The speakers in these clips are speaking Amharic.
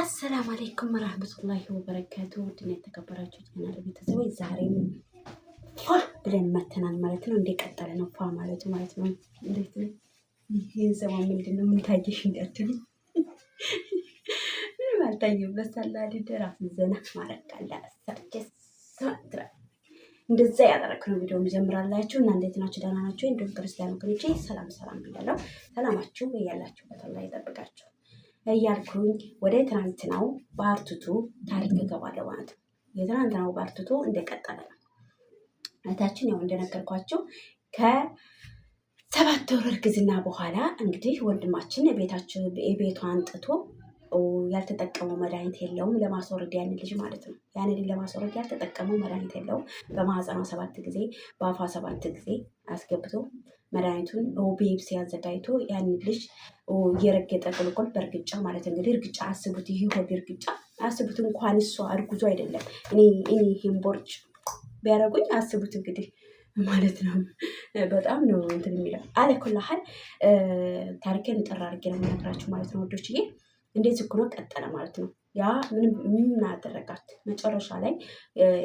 አሰላም አለይኩም ረህመቱላሂ ወበረካቱ። ውድና የተከበራችሁ ጤና ቤተሰቦች ዛሬም ፏ ብለን መተናል ማለት ነው። እንደቀጠለ ነው ፏ ማለቱ ማለት ነው። እንዴት ይህን ሰማ ምንድን ነው የምታየሽ እንዳትሉ ምንም አልታየበት ሳላድደ ራሱን ዘና ማድረግ አለ እንደዛ ያደረግ ነው። ቪዲዮ ጀምራላችሁ እና እንዴት ናችሁ? ደህና ናችሁ? እንዲሁም ክርስቲያን ወገኖቼ ሰላም ሰላም ብያለሁ። ሰላማችሁ እያላችሁበት አላህ ይጠብቃችሁ። እያልኩኝ ወደ ትናንትናው በአርቱቱ ታሪክ እገባለሁ ማለት ነው። የትናንትናው በአርቱቱ እንደቀጠለ ነው። እህታችን ያው እንደነገርኳቸው ከሰባት ወር እርግዝና በኋላ እንግዲህ ወንድማችን ቤታችን ቤቷን ጥቶ ያልተጠቀመው መድኃኒት የለውም ለማስወረድ ያን ልጅ ማለት ነው። ያን ልጅ ለማስወረድ ያልተጠቀመው መድኃኒት የለውም። በማህፀኗ ሰባት ጊዜ በአፏ ሰባት ጊዜ አስገብቶ መድኃኒቱን ቤብሲ አዘጋጅቶ ያን ልጅ የረገጠ ቁልቁል በእርግጫ ማለት እንግዲህ እርግጫ አስቡት። ይህ ሆድ እርግጫ አስቡት። እንኳን እሷ እርጉዞ አይደለም እኔ እኔ ይህን ቦርጭ ቢያደረጉኝ አስቡት እንግዲህ ማለት ነው። በጣም ነው እንትን የሚለው አለ ኩላሃል ታሪኬን ጠራ አድርጌ ነው የምነግራችሁ ማለት ነው ወዶች ወዶችዬ። እንዴት ዝክሮ ቀጠለ ማለት ነው። ያ ምንም ምንም አደረጋት። መጨረሻ ላይ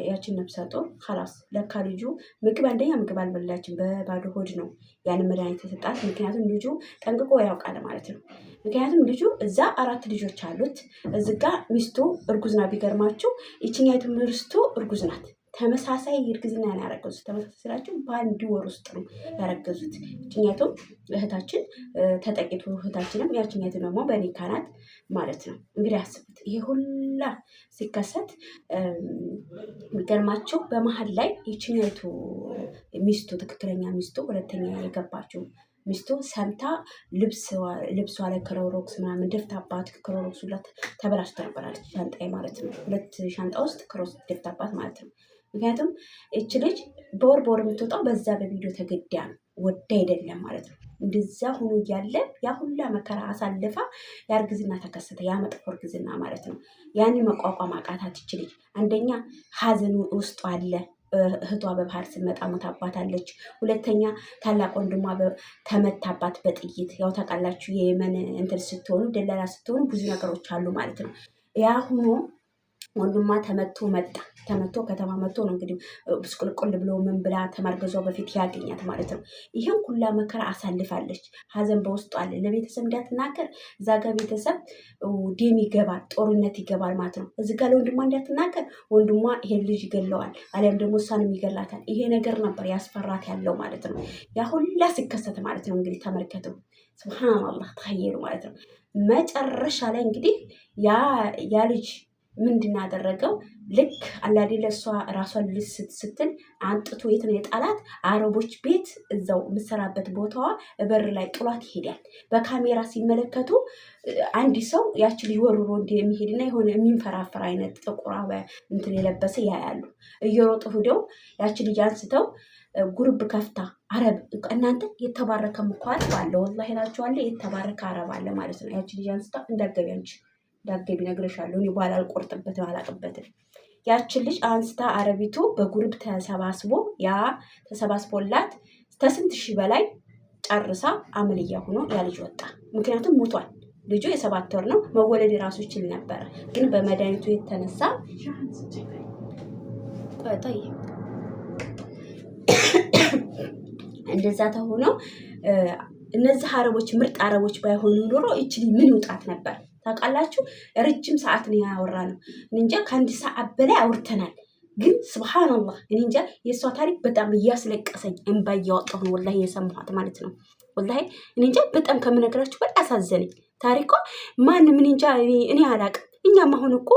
ያችን ነብሰ ጡር ኸላስ ለካ ልጁ ምግብ አንደኛ ምግብ አልበላችም፣ በባዶ ሆድ ነው ያን መድኃኒት የተሰጣት። ምክንያቱም ልጁ ጠንቅቆ ያውቃል ማለት ነው። ምክንያቱም ልጁ እዛ አራት ልጆች አሉት፣ እዚጋ ሚስቱ እርጉዝ ናት። ቢገርማችሁ ይችኛ ሚስቱ እርጉዝ ናት። ተመሳሳይ እርግዝና ነው ያረገዙት። ተመሳሳይ ስላቸው በአንድ ወር ውስጥ ነው ያረገዙት። እችኛቱም እህታችን ተጠቂቱ እህታችንም ያችኛት ደግሞ በኒካ ናት ማለት ነው። እንግዲህ አስቡት ይሄ ሁላ ሲከሰት የሚገርማችሁ በመሀል ላይ የችኛቱ ሚስቱ ትክክለኛ ሚስቱ ሁለተኛ የገባችው ሚስቱ ሰምታ ልብሷ ላይ ክሮሮክስ ምናምን ደፍታባት ክሮሮክሱ ተበላሽ ተነበራለች። ሻንጣ ማለት ነው። ሁለት ሻንጣ ውስጥ ክሮስ ደፍታባት ማለት ነው። ምክንያቱም እች ልጅ በወር በወር የምትወጣው በዛ በቪዲዮ ተገዳ ነው ወደ አይደለም ማለት ነው። እንደዛ ሆኖ እያለ ያ ሁላ መከራ አሳልፋ የእርግዝና ተከሰተ፣ ያ መጥፎ እርግዝና ማለት ነው። ያን መቋቋም አቃታት እች ልጅ። አንደኛ ሀዘን ውስጡ አለ። እህቷ በባህር ስመጣ ሞታባት አለች። ሁለተኛ ታላቅ ወንድሟ ተመታባት በጥይት ያው ታውቃላችሁ፣ የየመን እንትን ስትሆኑ ደላላ ስትሆኑ ብዙ ነገሮች አሉ ማለት ነው ያ ሁኖ ወንድሟ ተመቶ መጣ። ተመቶ ከተማ መቶ ነው እንግዲህ ብስቁልቁል ብሎ ምን ብላ ከማርገዟ በፊት ያገኛት ማለት ነው። ይህም ሁላ መከራ አሳልፋለች። ሀዘን በውስጡ አለ። ለቤተሰብ እንዳትናገር እዛ ጋር ቤተሰብ ደም ይገባል፣ ጦርነት ይገባል ማለት ነው። እዚ ጋር ለወንድሟ እንዳትናገር ወንድሟ ይሄን ልጅ ይገለዋል፣ አሊያም ደግሞ እሷንም ይገላታል። ይሄ ነገር ነበር ያስፈራት ያለው ማለት ነው። ያ ሁላ ሲከሰት ማለት ነው። እንግዲህ ተመልከቱ። ስብሓን አላህ ማለት ነው። መጨረሻ ላይ እንግዲህ ያ ልጅ ምንድን ያደረገው ልክ አላዴ ለእሷ ራሷን ልስት ስትል አንጥቶ የት ነው የጣላት? አረቦች ቤት እዛው የምሰራበት ቦታዋ በር ላይ ጥሏት ይሄዳል። በካሜራ ሲመለከቱ አንድ ሰው ያች ልጅ ወርሮ እንዲ የሚሄድና የሆነ የሚንፈራፈር አይነት ጥቁር እንትን የለበሰ ያያሉ። እየሮጡ ሂደው ያች ልጅ አንስተው ጉርብ ከፍታ አረብ እናንተ የተባረከ ምኳል ባለ ወላ ሄላችኋለ የተባረከ አረብ አለ ማለት ነው። ያች ልጅ አንስተው እንዳገቢያንችል ዳግም ይነግርሻለሁ። እኔ በኋላ አልቆርጥበትም አላቅበትም። ያችን ልጅ አንስታ አረቢቱ በጉርብ ተሰባስቦ ያ ተሰባስቦላት ከስንት ሺህ በላይ ጨርሳ አመልያ ሆኖ ያ ልጅ ወጣ። ምክንያቱም ሙቷል። ልጁ የሰባት ወር ነው። መወለድ የራሱ ይችል ነበረ፣ ግን በመድኃኒቱ የተነሳ እንደዛ ተሆኖ እነዚህ አረቦች ምርጥ አረቦች ባይሆኑ ኑሮ ይችል ምን ይውጣት ነበር? ታውቃላችሁ። ረጅም ሰዓት ነው ያወራ ነው እንጃ ከአንድ ሰዓት በላይ አውርተናል። ግን ስብሓንላህ እኔ እንጃ የእሷ ታሪክ በጣም እያስለቀሰኝ እንባ እያወጣሁ ነው ወላሂ የሰማኋት ማለት ነው። ወላሂ እኔ እንጃ በጣም ከምነግራችሁ በላይ አሳዘነኝ ታሪኳ። ማንም እኔ እንጃ እኔ አላቅም። እኛም አሁን እኮ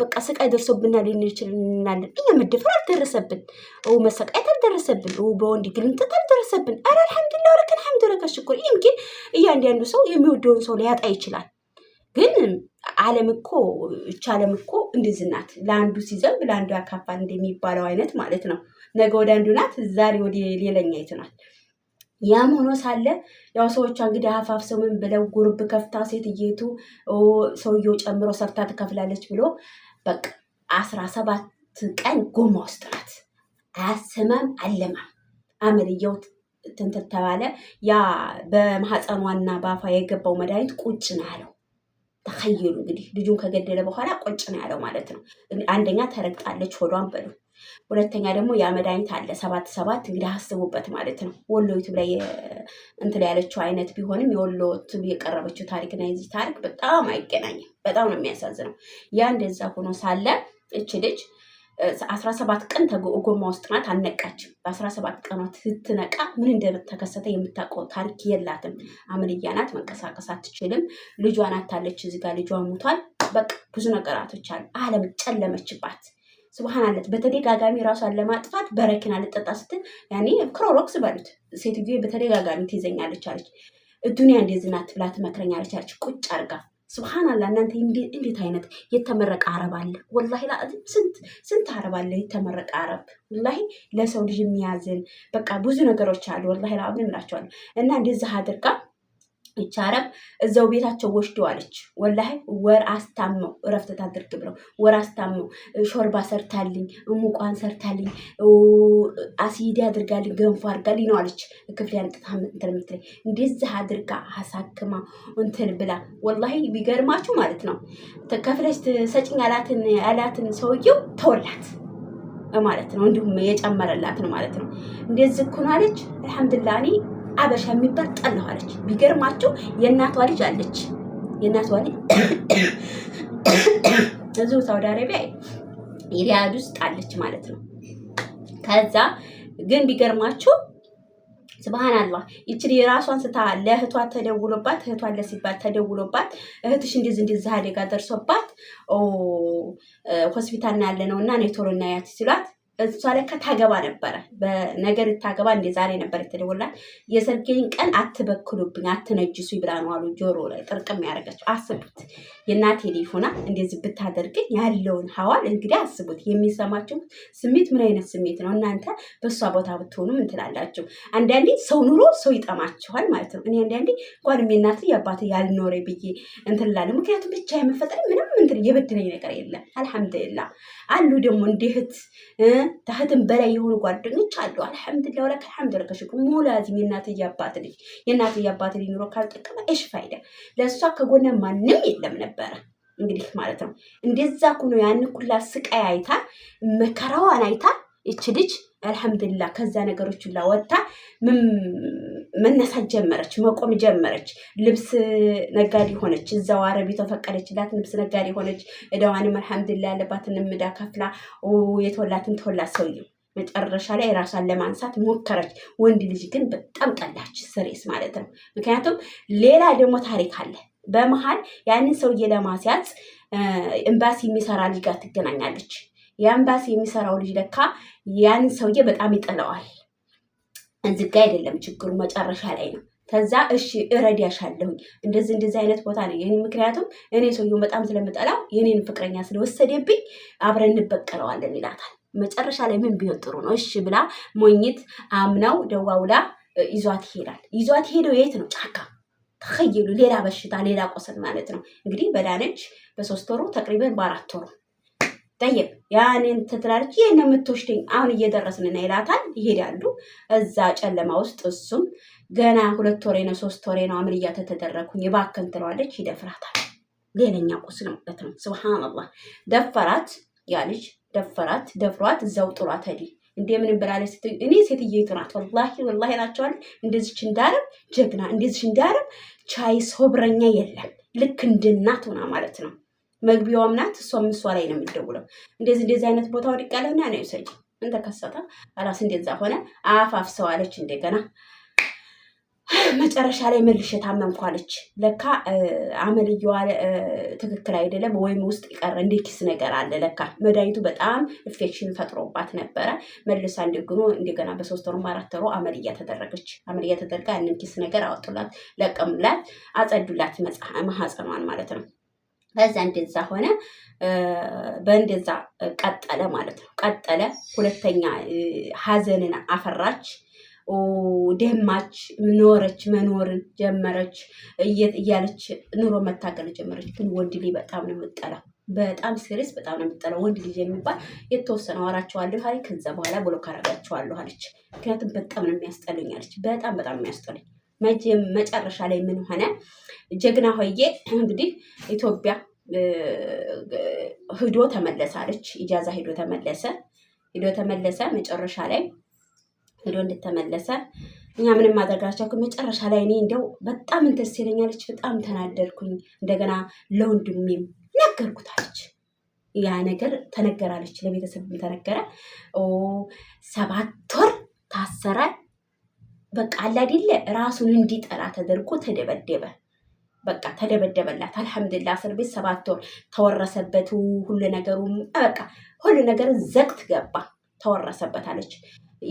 በቃ ስቃይ ደርሶብናል እንችልናለን። እኛ መደፈር አልደረሰብን፣ ው መሰቃየት አልደረሰብን፣ በወንድ ግልምጠት አልደረሰብን። አረ አልሐምዱሊላህ ወለከ አልሐምዱ ለከ ሽኩር። ይምኪን እያንዳንዱ ሰው የሚወደውን ሰው ሊያጣ ይችላል። ግን ዓለም እኮ እች ዓለም እኮ እንደዚህ ናት። ለአንዱ ሲዘንብ ለአንዱ ያካፋል እንደሚባለው አይነት ማለት ነው። ነገ ወደ አንዱ ናት፣ ዛሬ ወደ ሌላኛይቱ ናት። ያም ሆኖ ሳለ ያው ሰዎቿ እንግዲህ አፋፍ ሰው ምን ብለው ጉርብ ከፍታ ሴትየቱ ሰውየው ጨምሮ ሰርታ ትከፍላለች ብሎ በቃ አስራ ሰባት ቀን ጎማ ውስጥ ናት። አያሰማም አለማም አመልየው ተባለ። ያ በማህፀኗና በአፏ የገባው መድኃኒት ቁጭ ነው ያለው። ተኸይሉ እንግዲህ ልጁን ከገደለ በኋላ ቆጭ ነው ያለው ማለት ነው። አንደኛ ተረግጣለች ሆዷን በሉ። ሁለተኛ ደግሞ ያ መድኃኒት አለ ሰባት ሰባት እንግዲህ አስቡበት ማለት ነው። ወሎ ዩቱብ ላይ እንትን ያለችው አይነት ቢሆንም የወሎ ዩቱብ የቀረበችው ታሪክና የዚህ ታሪክ በጣም አይገናኝም። በጣም ነው የሚያሳዝነው። ያ እንደዛ ሆኖ ሳለ እች ልጅ አስራ ሰባት ቀን ጎማ ውስጥ ናት። አልነቃችም። በአስራ ሰባት ቀኗት ስትነቃ ምን እንደተከሰተ የምታውቀው ታሪክ የላትም። አመልያ ናት። መንቀሳቀስ አትችልም። ልጇ ናታለች። እዚህ ጋር ልጇ ሙቷል። በቃ ብዙ ነገራቶች አሉ። አለም ጨለመችባት። ስብሃናለት በተደጋጋሚ ራሷን ለማጥፋት በረኪና ልጠጣ ስትል ያኔ ክሮሮክስ በሉት ሴትዮ በተደጋጋሚ ትይዘኛለች አለች። እዱንያ እንደዚህ ናት ብላ ትመክረኛለች አለች ቁጭ አርጋ ስብሓናላ እናንተ እንዴት አይነት የተመረቀ አረብ አለ? ወላሂ ላዚም ስንት ስንት አረብ አለ የተመረቀ አረብ ወላሂ ለሰው ልጅ የሚያዝን በቃ ብዙ ነገሮች አሉ። ወላሂ ላ እላቸዋለሁ እና እንደዚህ አድርጋ ይቻረም እዛው ቤታቸው ወስደዋለች። ወላሂ ወር አስታመው እረፍት ታድርግ ብለው ወር አስታመው ሾርባ ሰርታልኝ፣ ሙቋን ሰርታልኝ፣ አሲዲ አድርጋልኝ፣ ገንፎ አድርጋልኝ ነው አለች። ክፍል ያንጥታ እንትን የምትለኝ እንደዚህ አድርጋ አሳክማ እንትን ብላ ወላሂ ቢገርማችሁ ማለት ነው ከፍለች ሰጭኝ ያላትን ያላትን ሰውየው ተወላት ማለት ነው። እንዲሁም የጨመረላት ነው ማለት ነው። እንደዚህ ኩናለች። አልሐምዱሊላህ እኔ አበሻ የሚባል ጠላሁ አለች። ቢገርማችሁ የእናቷ ልጅ አለች። የእናቷ ልጅ እዚሁ ሳውዲ አረቢያ ሪያድ ውስጥ አለች ማለት ነው። ከዛ ግን ቢገርማችሁ ስብሃናላህ ይችል የራሷን ስታ ለእህቷ ተደውሎባት እህቷ ለሲባት ተደውሎባት እህትሽ እንዲዝ እንዲዝ አደጋ ደርሶባት ሆስፒታል ያለ ነው እና ቶሎ እናያት ሲሏት እሷ ለካ ታገባ ነበረ። በነገር ታገባ እንደ ዛሬ ነበር የተደወላት። የሰርጌን ቀን አትበክሉብኝ፣ አትነጅሱ ብላ ነው አሉ ጆሮ ላይ ጥርቅም ያደረገችው። አስቡት የእናቴ ልጅ እንደዚህ ብታደርግኝ ያለውን ሀዋል እንግዲህ አስቡት። የሚሰማችሁ ስሜት ምን አይነት ስሜት ነው? እናንተ በእሷ ቦታ ብትሆኑ ምን ትላላችሁ? አንዳንዴ ሰው ኑሮ ሰው ይጠማችኋል ማለት ነው። እኔ አንዳንዴ እንኳን እናት አባት ያልኖረ ብዬ እንትላለ ምክንያቱም ብቻ የመፈጠር ምንም እንትን ነገር የለም። አልሐምዱሊላ አሉ ደግሞ እንዲህት ታህትም በላይ የሆኑ ጓደኞች አሉ። አልሐምዱሊላህ ወለከ አልሐምዱ ለከ ሽኩር ሞላዚም የእናትዬ አባት ልጅ የእናትዬ አባት ልጅ ኑሮ ካልጠቀመ እሽ ፋይዳ ለእሷ ከጎነ ማንም የለም ነበረ እንግዲህ ማለት ነው። እንደዛ ኩኖ ያን ኩላ ስቃይ አይታ መከራዋን አይታ ይች ልጅ አልሐምዱሊላ ከዛ ነገሮች ሁላ ወጥታ መነሳት ጀመረች፣ መቆም ጀመረች። ልብስ ነጋዴ ሆነች። እዛው አረቢ ተፈቀደችላት፣ ልብስ ነጋዴ ሆነች። እዳዋንም አልሐምዱላ ያለባትን እዳ ከፍላ የተወላትን ተወላት። ሰውዬው መጨረሻ ላይ ራሷን ለማንሳት ሞከረች። ወንድ ልጅ ግን በጣም ጠላች፣ ስሬስ ማለት ነው። ምክንያቱም ሌላ ደግሞ ታሪክ አለ በመሀል ያንን ሰውዬ ለማስያዝ ኤምባሲ የሚሰራ ልጅ ጋር ትገናኛለች። የአምባሲ የሚሰራው ልጅ ለካ ያን ሰውዬ በጣም ይጥለዋል። እዚህ ጋ አይደለም ችግሩ፣ መጨረሻ ላይ ነው። ከዛ እሺ እረዳሻለሁኝ እንደዚህ እንደዚህ አይነት ቦታ ነው የኔ። ምክንያቱም እኔ ሰውየውን በጣም ስለምጠላው የኔን ፍቅረኛ ስለወሰደብኝ አብረን እንበቀለዋለን ይላታል። መጨረሻ ላይ ምን ቢሆን ጥሩ ነው? እሺ ብላ ሞኝት አምናው ደዋውላ ይዟት ይሄዳል። ይዟት ሄደው የት ነው? ጫካ ተኸይሉ ሌላ በሽታ ሌላ ቆሰል ማለት ነው። እንግዲህ በዳነች በሶስት ወሩ ተቅሪበን በአራት ወሩ ጠይቅ ያኔን ትትላለች። ይህን የምትወሽደኝ አሁን እየደረስን ና ይላታል። ይሄዳሉ እዛ ጨለማ ውስጥ። እሱም ገና ሁለት ወሬ ነው ሶስት ወሬ ነው አምን ተተደረግኩኝ እባክህን ትለዋለች። ይደፍራታል። ሌላኛ ነው ማለት ነው። ስብሃንአላህ ደፈራት። ያ ልጅ ደፈራት። ደፍሯት እዛው ጥሏት ሄደ። እንዴ ምን ብላለ ስትል እኔ ሴትዬቱ ናት ወላሂ ወላሂ ናቸዋል። እንደዚች እንዳረብ ጀግና እንደዚች እንዳረብ ቻይ ሶብረኛ የለም ልክ እንድናት ሆና ማለት ነው። መግቢያውም ናት እሷም እሷ ላይ ነው የምትደውለው። እንደዚህ እንደዚህ አይነት ቦታ ወድቃለሁ ና ነው ይውሰጂ እንተከሰተ ራስ እንደዛ ሆነ። አፋፍ ሰው አለች እንደገና መጨረሻ ላይ መልሼ ታመምኳለች። ለካ አመልየዋ ትክክል አይደለም፣ ወይም ውስጥ ይቀረ እንደ ኪስ ነገር አለ። ለካ መድኃኒቱ በጣም ኢንፌክሽን ፈጥሮባት ነበረ። መልሳ እንደግኖ እንደገና በሶስት ወሩም አራት ወሩ አመልያ ተደረገች። አመልያ ተደርጋ ያንን ኪስ ነገር አወጡላት፣ ለቀሙላት፣ አጸዱላት፣ መጽሐ ማህፀኗን ማለት ነው። ከዛ እንደዛ ሆነ። በእንደዛ ቀጠለ ማለት ነው። ቀጠለ ሁለተኛ ሀዘንን አፈራች፣ ደማች፣ ኖረች፣ መኖርን ጀመረች እያለች ኑሮ መታገል ጀመረች። ግን ወንድ ልጅ በጣም ነው የምጠላው፣ በጣም ሲሪስ፣ በጣም ነው የምጠላው ወንድ ልጅ የሚባል የተወሰነ አወራቸዋለሁ አለኝ። ከዛ በኋላ ብሎክ አደርጋቸዋለሁ አለች። ምክንያቱም በጣም ነው የሚያስጠሉኝ አለች። በጣም በጣም የሚያስጠሉኝ መጨረሻ ላይ ምን ሆነ? ጀግና ሆዬ እንግዲህ ኢትዮጵያ ሂዶ ተመለሰ አለች። ኢጃዛ ሂዶ ተመለሰ ሂዶ ተመለሰ። መጨረሻ ላይ ሂዶ እንድተመለሰ እኛ ምንም ማድረጋቸው መጨረሻ ላይ እኔ እንደው በጣም እንትን ሲለኛለች፣ በጣም ተናደድኩኝ። እንደገና ለወንድሜም ነገርኩታለች። ያ ነገር ተነገራለች፣ ለቤተሰብም ተነገረ። ሰባት ወር ታሰራል። በቃ አላደለ ራሱን እንዲጠላ ተደርጎ ተደበደበ። በቃ ተደበደበላት። አልሐምዱላ እስር ቤት ሰባት ወር ተወረሰበት። ሁሉ ነገሩ በቃ ሁሉ ነገር ዘግት ገባ። ተወረሰበት አለች።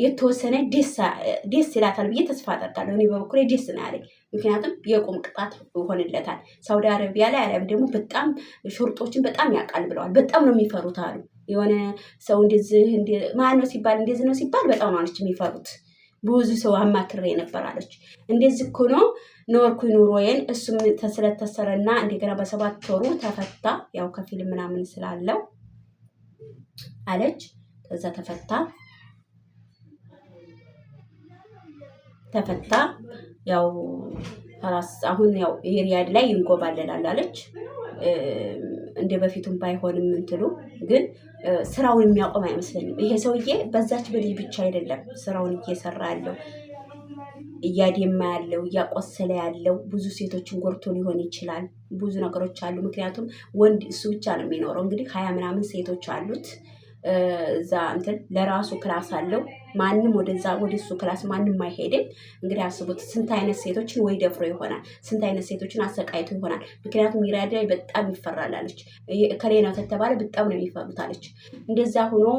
የተወሰነ ደስ ይላታል ብዬ ተስፋ አደርጋለሁ። እኔ በበኩሌ ደስ ነው ያለኝ፣ ምክንያቱም የቁም ቅጣት ይሆንለታል። ሳውዲ አረቢያ ላይ አለም ደግሞ በጣም ሹርጦችን በጣም ያውቃል ብለዋል። በጣም ነው የሚፈሩት አሉ። የሆነ ሰው እንደዚህ ማነው ሲባል እንደዚህ ነው ሲባል በጣም ነው የሚፈሩት። ብዙ ሰው አማክሬ ነበር አለች። እንደዚህ እኮ ነው ኖርኩ ኑሮዬን። እሱም ስለተሰረና እንደገና በሰባት ወሩ ተፈታ፣ ያው ከፊል ምናምን ስላለው አለች። ከዛ ተፈታ ተፈታ ያው ራስ አሁን ያው ሪያድ ላይ ይንጎባለላል አለች። እንደ በፊቱም ባይሆንም እንትሉ ግን ስራው የሚያቆም አይመስለኝም። ይሄ ሰውዬ በዛች በልጅ ብቻ አይደለም ስራውን እየሰራ ያለው እያደማ ያለው እያቆሰለ ያለው ብዙ ሴቶችን ጎርቶ ሊሆን ይችላል። ብዙ ነገሮች አሉ። ምክንያቱም ወንድ እሱ ብቻ ነው የሚኖረው። እንግዲህ ሀያ ምናምን ሴቶች አሉት እዛ እንትን ለራሱ ክላስ አለው። ማንም ወደዛ ወደ እሱ ክላስ ማንም አይሄድም። እንግዲህ አስቡት ስንት አይነት ሴቶችን ወይ ደፍሮ ይሆናል፣ ስንት አይነት ሴቶችን አሰቃይቶ ይሆናል። ምክንያቱም ሚራዳይ በጣም ይፈራላለች። ከሌላ ተተባለ በጣም ነው የሚፈሩታለች። እንደዛ ሆኖ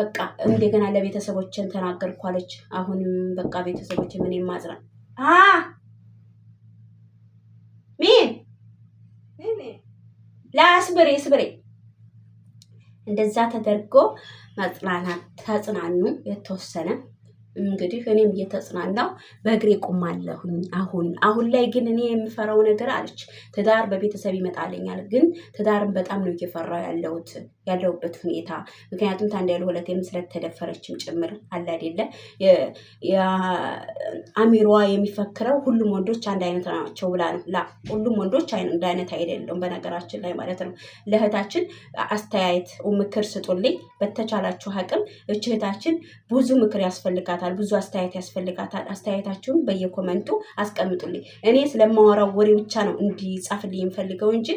በቃ እንደገና ለቤተሰቦችን ተናገርኳለች። አሁንም በቃ ቤተሰቦች ምን ማዝራል ምን ላስብሬ ስብሬ እንደዛ ተደርጎ መጽናናት ተጽናኑ። የተወሰነ እንግዲህ እኔም እየተጽናናው በእግሬ ቁማለሁኝ አሁን አሁን ላይ ግን እኔ የምፈራው ነገር አለች ትዳር በቤተሰብ ይመጣልኛል፣ ግን ትዳርን በጣም ነው እየፈራው ያለሁት። ያለሁበት ሁኔታ ምክንያቱም ታንድ ያሉ ሁለቴም ስለተደፈረችም ጭምር አለ አይደለ አሚሯ የሚፈክረው ሁሉም ወንዶች አንድ አይነት ናቸው ብላ ነው። ላ ሁሉም ወንዶች አንድ አይነት አይደለም፣ በነገራችን ላይ ማለት ነው። ለእህታችን አስተያየት ምክር ስጡልኝ። በተቻላችሁ አቅም እች እህታችን ብዙ ምክር ያስፈልጋታል፣ ብዙ አስተያየት ያስፈልጋታል። አስተያየታችሁን በየኮመንቱ አስቀምጡልኝ። እኔ ስለማወራው ወሬ ብቻ ነው እንዲጻፍልኝ የምፈልገው እንጂ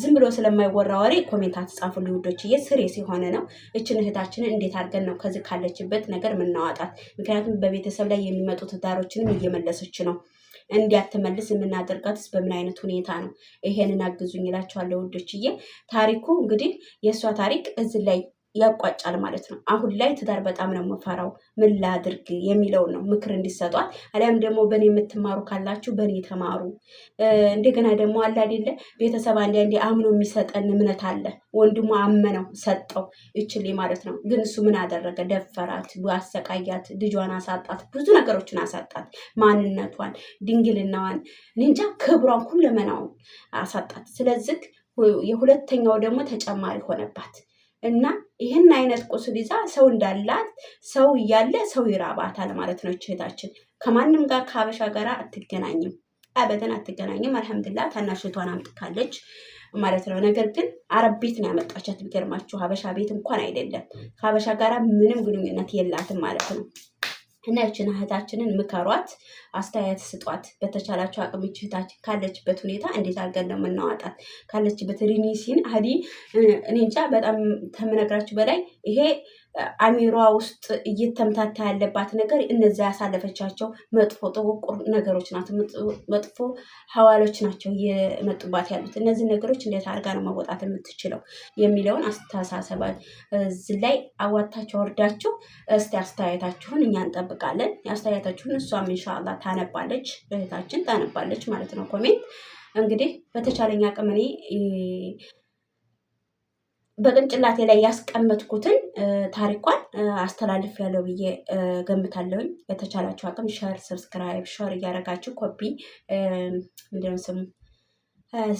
ዝም ብሎ ስለማይወራ ወሬ ኮሜንት አትጻፉልኝ ውዶችዬ። ስሬስ የሆነ ነው። እችን እህታችንን እንዴት አድርገን ነው ከዚህ ካለችበት ነገር የምናዋጣት? ምክንያቱም በቤተሰብ ላይ የሚመጡ ትዳሮችንም እየመለሰች ነው። እንዲያትመልስ የምናደርጋትስ በምን አይነት ሁኔታ ነው? ይሄንን አግዙኝ እላቸዋለሁ ውዶችዬ። ታሪኩ እንግዲህ የእሷ ታሪክ እዚህ ላይ ያቋጫል ማለት ነው። አሁን ላይ ትዳር በጣም ነው የምፈራው ምን ላድርግ የሚለው ነው ምክር እንዲሰጧል። አሊያም ደግሞ በእኔ የምትማሩ ካላችሁ በእኔ ተማሩ። እንደገና ደግሞ አለ አይደለ ቤተሰብ አንዴ አምኖ የሚሰጠን እምነት አለ። ወንድሞ አመነው ሰጠው ይችል ማለት ነው። ግን እሱ ምን አደረገ? ደፈራት፣ አሰቃያት፣ ልጇን አሳጣት፣ ብዙ ነገሮችን አሳጣት። ማንነቷን፣ ድንግልናዋን፣ እንጃ ክብሯን፣ ሁለመናውን አሳጣት። ስለዚህ የሁለተኛው ደግሞ ተጨማሪ ሆነባት እና ይህን አይነት ቁስል ይዛ ሰው እንዳላት ሰው እያለ ሰው ይራባታል ማለት ነው። እህታችን ከማንም ጋር ከሀበሻ ጋር አትገናኝም፣ አበደን አትገናኝም። አልሐምድላ ታናሽቷን አምጥታለች ማለት ነው። ነገር ግን አረብ ቤት ነው ያመጣቻት። ቢገርማችሁ ሀበሻ ቤት እንኳን አይደለም። ከሀበሻ ጋር ምንም ግንኙነት የላትም ማለት ነው። እና ይችን እህታችንን ምከሯት፣ አስተያየት ስጧት። በተቻላቸው አቅም እህታችን ካለችበት ሁኔታ እንዴት አድርገን ነው የምናዋጣት? ካለችበት ሪኒሲን አዲ እኔ እንጃ በጣም ከምነግራችሁ በላይ ይሄ አሚሯ ውስጥ እየተምታታ ያለባት ነገር እነዚያ ያሳለፈቻቸው መጥፎ ጥቁር ነገሮች ናቸው፣ መጥፎ ሀዋሎች ናቸው እየመጡባት ያሉት። እነዚህ ነገሮች እንዴት አድርጋ ነው መወጣት የምትችለው የሚለውን አስተሳሰባ እዚ ላይ አዋታቸው ወርዳችሁ እስቲ አስተያየታችሁን እኛ እንጠብቃለን። አስተያየታችሁን እሷም እንሻላ ታነባለች፣ እህታችን ታነባለች ማለት ነው ኮሜንት እንግዲህ በተቻለኛ አቅም እኔ በቅንጭላቴ ላይ ያስቀመጥኩትን ታሪኳን አስተላልፍ ያለው ብዬ ገምታለሁኝ። በተቻላችሁ አቅም ሸር፣ ሰብስክራይብ፣ ሸር እያደረጋችሁ ኮፒ ምንድነው ስሙ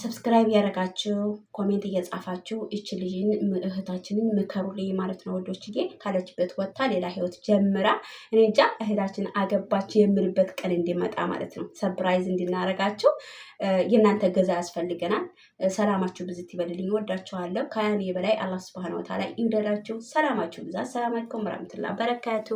ሰብስክራይብ ያደረጋችሁ ኮሜንት እየጻፋችሁ እች ልጅን እህታችንን ምከሩልኝ ማለት ነው። ወዶችዬ ካለችበት ወጥታ ሌላ ህይወት ጀምራ እኔ እንጃ እህታችን አገባች የምልበት ቀን እንዲመጣ ማለት ነው። ሰፕራይዝ እንድናረጋችሁ የእናንተ ገዛ ያስፈልገናል። ሰላማችሁ ብዝት ይበልልኝ። ወዳችኋለሁ። ከያኔ በላይ አላህ ስብሃነ ወተዓላ ይውደዳችሁ። ሰላማችሁ ብዛት። ሰላም አለይኩም ወራህመቱላሂ በረካቱ